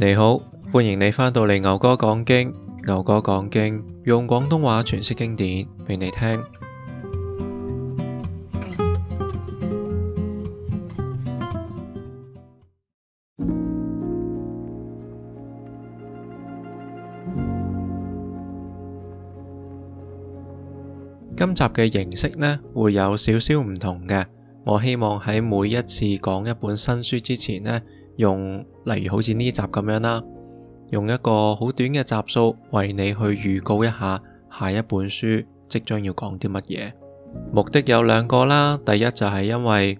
你好，歡迎你返到嚟，牛哥講經。牛哥講經，用廣東話詮釋經典俾你聽。你聽今集嘅形式呢，會有少少唔同嘅，我希望喺每一次講一本新書之前呢。用例如好似呢集咁樣啦，用一個好短嘅集數為你去預告一下下一本書即將要講啲乜嘢。目的有兩個啦，第一就係因為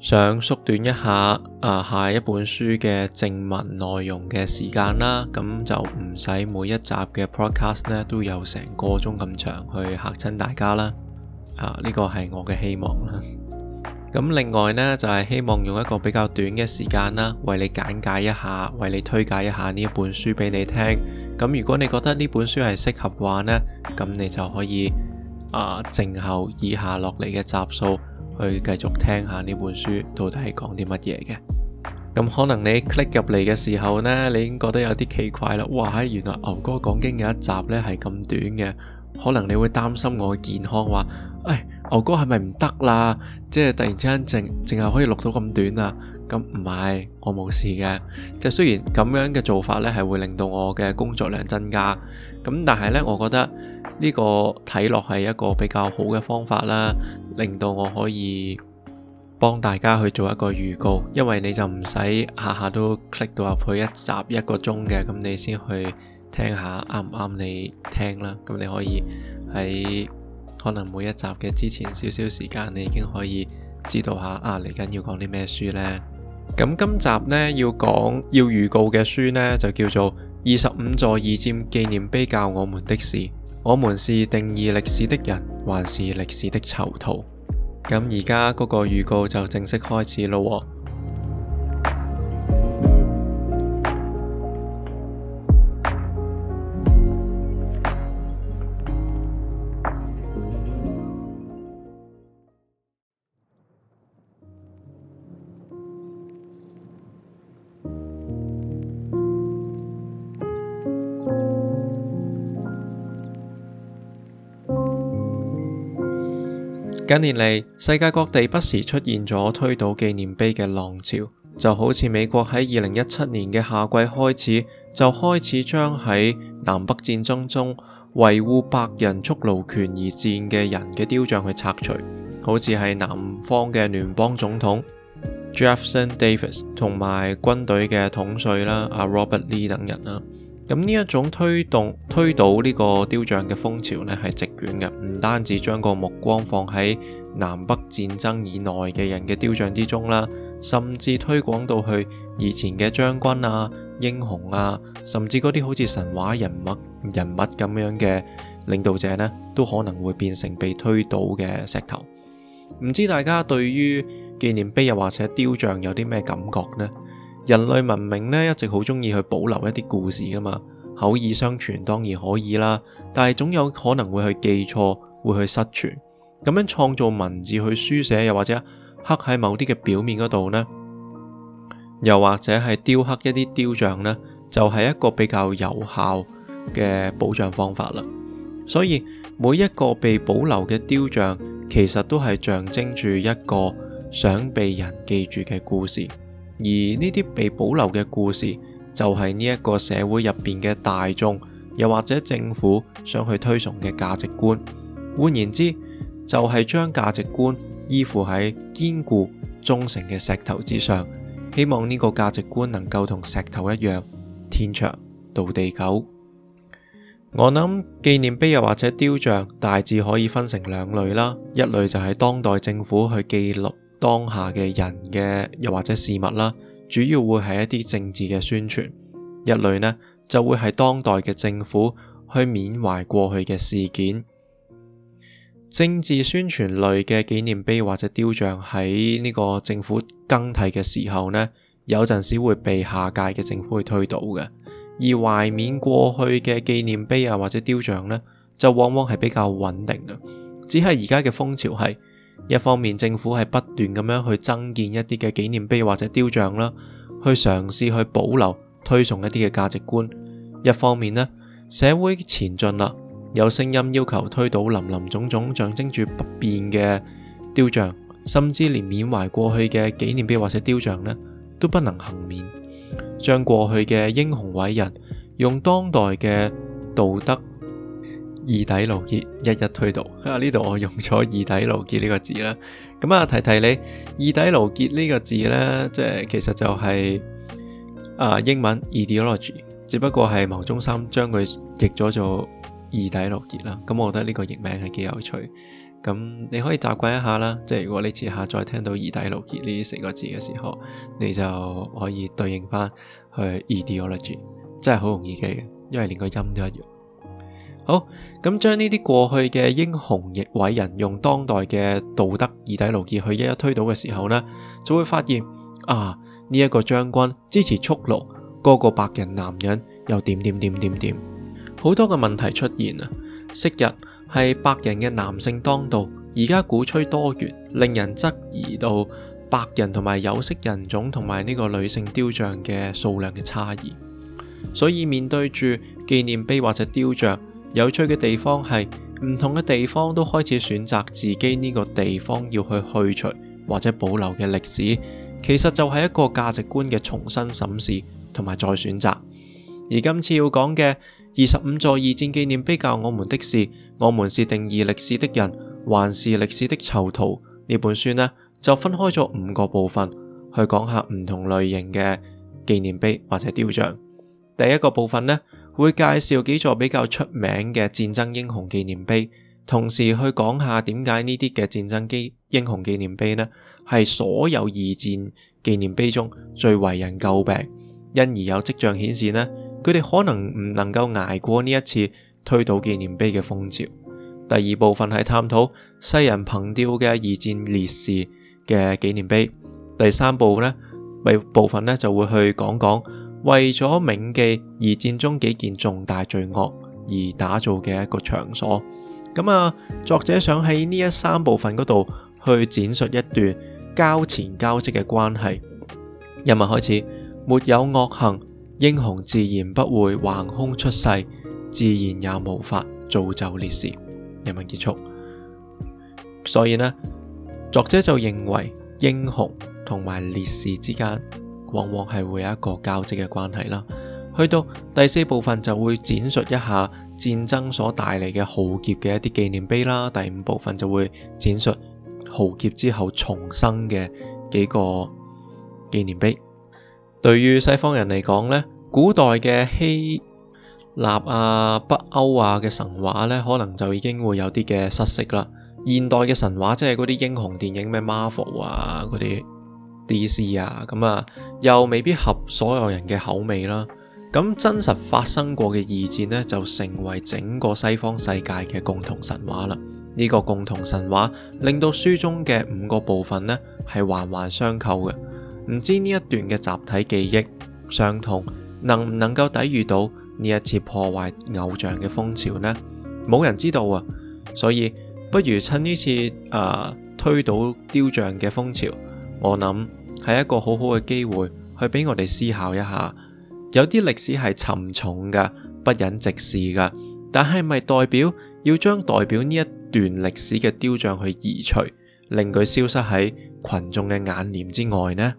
想縮短一下啊下一本書嘅正文內容嘅時間啦，咁就唔使每一集嘅 podcast 咧都有成個鐘咁長去吓親大家啦。啊，呢個係我嘅希望啦。咁另外呢，就係希望用一個比較短嘅時間啦，為你簡介一下，為你推介一下呢一本書俾你聽。咁如果你覺得呢本書係適合嘅話呢，咁你就可以啊靜候以下落嚟嘅集數去繼續聽下呢本書到底係講啲乜嘢嘅。咁可能你 click 入嚟嘅時候呢，你已經覺得有啲奇怪啦。哇，原來牛哥講經嘅一集呢係咁短嘅，可能你會擔心我嘅健康話，哎。牛哥係咪唔得啦？即係突然之間淨淨係可以錄到咁短啊？咁唔係，我冇事嘅。即係雖然咁樣嘅做法呢係會令到我嘅工作量增加。咁但係呢，我覺得呢個睇落係一個比較好嘅方法啦，令到我可以幫大家去做一個預告。因為你就唔使下下都 click 到入去一集一個鐘嘅，咁你先去聽下啱唔啱你聽啦。咁你可以喺。可能每一集嘅之前少少時間，你已經可以知道下啊，嚟緊要講啲咩書咧。咁今集咧要講要預告嘅書咧，就叫做《二十五座二戰紀念碑教我們的事》，我們是定義歷史的人，還是歷史的囚徒？咁而家嗰個預告就正式開始咯。近年嚟，世界各地不時出現咗推倒紀念碑嘅浪潮，就好似美國喺二零一七年嘅夏季開始，就開始將喺南北戰爭中維護白人蓄奴權而戰嘅人嘅雕像去拆除，好似係南方嘅聯邦總統 Jefferson Davis 同埋軍隊嘅統帥啦，阿 Robert Lee 等人啦。咁呢一種推動推倒呢個雕像嘅風潮呢，係直捲嘅，唔單止將個目光放喺南北戰爭以內嘅人嘅雕像之中啦，甚至推廣到去以前嘅將軍啊、英雄啊，甚至嗰啲好似神話人物人物咁樣嘅領導者呢，都可能會變成被推倒嘅石頭。唔知大家對於紀念碑又或者雕像有啲咩感覺呢？人類文明呢，一直好中意去保留一啲故事噶嘛，口耳相傳當然可以啦，但係總有可能會去記錯，會去失傳。咁樣創造文字去書寫，又或者刻喺某啲嘅表面嗰度呢，又或者係雕刻一啲雕像呢，就係一個比較有效嘅保障方法啦。所以每一個被保留嘅雕像，其實都係象徵住一個想被人記住嘅故事。而呢啲被保留嘅故事，就係呢一個社會入邊嘅大眾，又或者政府想去推崇嘅價值觀。換言之，就係將價值觀依附喺堅固、忠誠嘅石頭之上，希望呢個價值觀能夠同石頭一樣天長到地久。我諗紀念碑又或者雕像大致可以分成兩類啦，一類就係當代政府去記錄。當下嘅人嘅，又或者事物啦，主要會係一啲政治嘅宣傳。一類呢，就會係當代嘅政府去緬懷過去嘅事件。政治宣傳類嘅紀念碑或者雕像喺呢個政府更替嘅時候呢，有陣時會被下屆嘅政府去推倒嘅。而懷緬過去嘅紀念碑啊或者雕像呢，就往往係比較穩定嘅。只係而家嘅風潮係。一方面政府係不斷咁樣去增建一啲嘅紀念碑或者雕像啦，去嘗試去保留、推崇一啲嘅價值觀；一方面呢社會前進啦，有聲音要求推倒林林總總象徵住不變嘅雕像，甚至連緬懷過去嘅紀念碑或者雕像咧都不能幸免，將過去嘅英雄偉人用當代嘅道德。二底勞結，一一推導。啊呢度我用咗二底勞結呢個字啦。咁啊提提你，二底勞結呢個字呢，即係其實就係、是、啊英文 Ideology，只不過係毛中心將佢譯咗做二底勞結啦。咁、啊、我覺得呢個譯名係幾有趣。咁、啊、你可以習慣一下啦，即係如果你遲下再聽到二底勞結呢四個字嘅時候，你就可以對應翻去 Ideology，真係好容易記嘅，因為連個音都一樣。好咁，將呢啲過去嘅英雄亦偉人，用當代嘅道德二底路徑去一一推倒嘅時候呢，就會發現啊，呢、這、一個將軍支持蓄奴，嗰個，個白人男人又點點點點點，好多嘅問題出現啊。昔日係白人嘅男性當道，而家鼓吹多元，令人質疑到白人同埋有色人種同埋呢個女性雕像嘅數量嘅差異。所以面對住紀念碑或者雕像，有趣嘅地方係唔同嘅地方都開始選擇自己呢個地方要去去除或者保留嘅歷史，其實就係一個價值觀嘅重新審視同埋再選擇。而今次要講嘅《二十五座二戰紀念碑教我們的事：我們是定義歷史的人，還是歷史的囚徒》呢本書呢，就分開咗五個部分去講下唔同類型嘅紀念碑或者雕像。第一個部分呢，會介紹幾座比較出名嘅戰爭英雄紀念碑，同時去講下點解呢啲嘅戰爭基英雄紀念碑呢係所有二戰紀念碑中最為人詬病，因而有跡象顯示呢，佢哋可能唔能夠捱過呢一次推倒紀念碑嘅風潮。第二部分係探討西人憑弔嘅二戰烈士嘅紀念碑。第三部分呢，尾部分呢就會去講講。為咗銘記二戰中幾件重大罪惡而打造嘅一個場所，咁啊，作者想喺呢一三部分嗰度去展述一段交纏交織嘅關係。一文開始，沒有惡行，英雄自然不會橫空出世，自然也無法造就烈士。一文結束，所以呢，作者就認為英雄同埋烈士之間，往往係會有一個交織嘅關係啦。去到第四部分就會展述一下戰爭所帶嚟嘅浩劫嘅一啲紀念碑啦。第五部分就會展述浩劫之後重生嘅幾個紀念碑。對於西方人嚟講呢，古代嘅希臘啊、北歐啊嘅神話呢，可能就已經會有啲嘅失色啦。現代嘅神話即係嗰啲英雄電影咩 Marvel 啊嗰啲。D.C. 啊，咁啊又未必合所有人嘅口味啦。咁真實發生過嘅二戰呢，就成為整個西方世界嘅共同神話啦。呢、這個共同神話令到書中嘅五個部分呢，係環環相扣嘅。唔知呢一段嘅集體記憶傷痛能唔能夠抵御到呢一次破壞偶像嘅風潮呢？冇人知道啊。所以不如趁呢次啊、呃、推倒雕像嘅風潮，我諗。係一個好好嘅機會去俾我哋思考一下，有啲歷史係沉重㗎，不忍直視㗎，但係咪代表要將代表呢一段歷史嘅雕像去移除，令佢消失喺群眾嘅眼簾之外呢？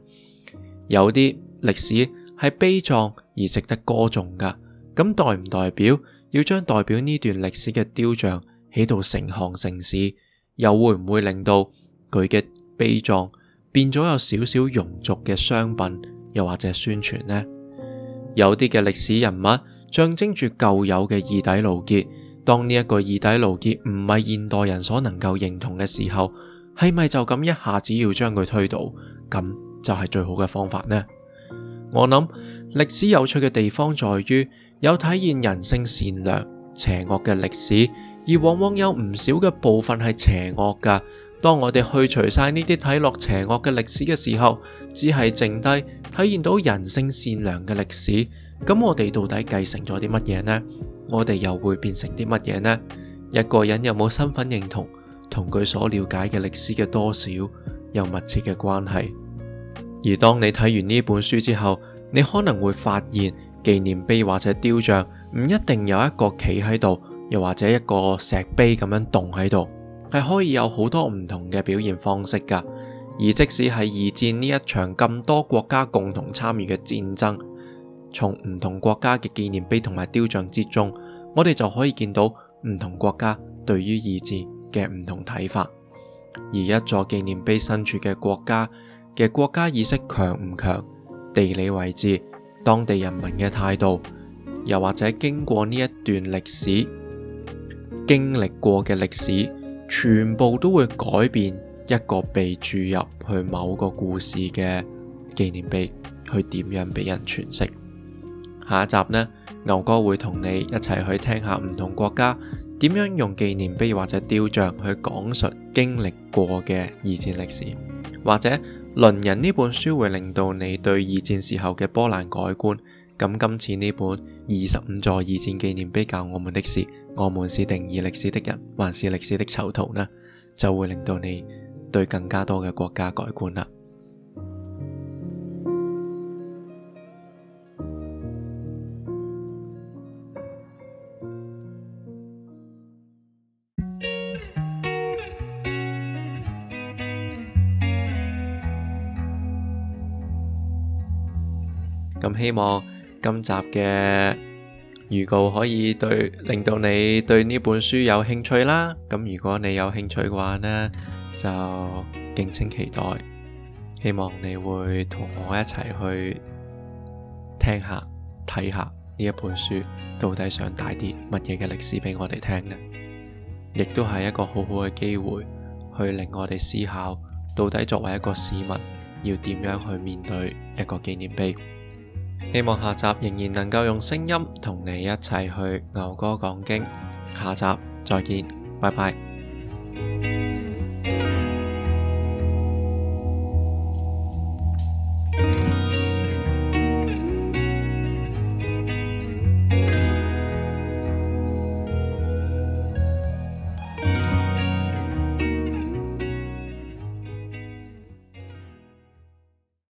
有啲歷史係悲壯而值得歌頌㗎，咁代唔代表要將代表呢段歷史嘅雕像起到成行成市，又會唔會令到佢嘅悲壯？變咗有少少庸俗嘅商品，又或者係宣傳呢？有啲嘅歷史人物象徵住舊有嘅二底牢結，當呢一個二底牢結唔係現代人所能夠認同嘅時候，係咪就咁一下子要將佢推倒？咁就係最好嘅方法呢？我諗歷史有趣嘅地方在於有體現人性善良、邪惡嘅歷史，而往往有唔少嘅部分係邪惡噶。當我哋去除晒呢啲睇落邪惡嘅歷史嘅時候，只係剩低體現到人性善良嘅歷史。咁我哋到底繼承咗啲乜嘢呢？我哋又會變成啲乜嘢呢？一個人有冇身份認同，同佢所了解嘅歷史嘅多少有密切嘅關係。而當你睇完呢本書之後，你可能會發現紀念碑或者雕像唔一定有一個企喺度，又或者一個石碑咁樣動喺度。係可以有好多唔同嘅表現方式噶，而即使係二戰呢一場咁多國家共同參與嘅戰爭，從唔同國家嘅紀念碑同埋雕像之中，我哋就可以見到唔同國家對於二戰嘅唔同睇法。而一座紀念碑身處嘅國家嘅國家意識強唔強、地理位置、當地人民嘅態度，又或者經過呢一段歷史、經歷過嘅歷史。全部都會改變一個被注入去某個故事嘅紀念碑，去點樣俾人詮釋？下一集呢，牛哥會同你一齊去聽下唔同國家點樣用紀念碑或者雕像去講述經歷過嘅二戰歷史，或者《鄰人》呢本書會令到你對二戰時候嘅波蘭改觀。咁今次呢本《二十五座二戰紀念碑教我們的事》。我們是定義歷史的人，還是歷史的囚徒呢？就會令到你對更加多嘅國家改觀啦。咁希望今集嘅預告可以對令到你對呢本書有興趣啦，咁如果你有興趣嘅話呢，就敬請期待。希望你會同我一齊去聽下、睇下呢一本書到底想帶啲乜嘢嘅歷史俾我哋聽呢，亦都係一個好好嘅機會去令我哋思考到底作為一個市民要點樣去面對一個紀念碑。希望下集仍然能夠用聲音同你一齊去牛哥講經，下集再見，拜拜。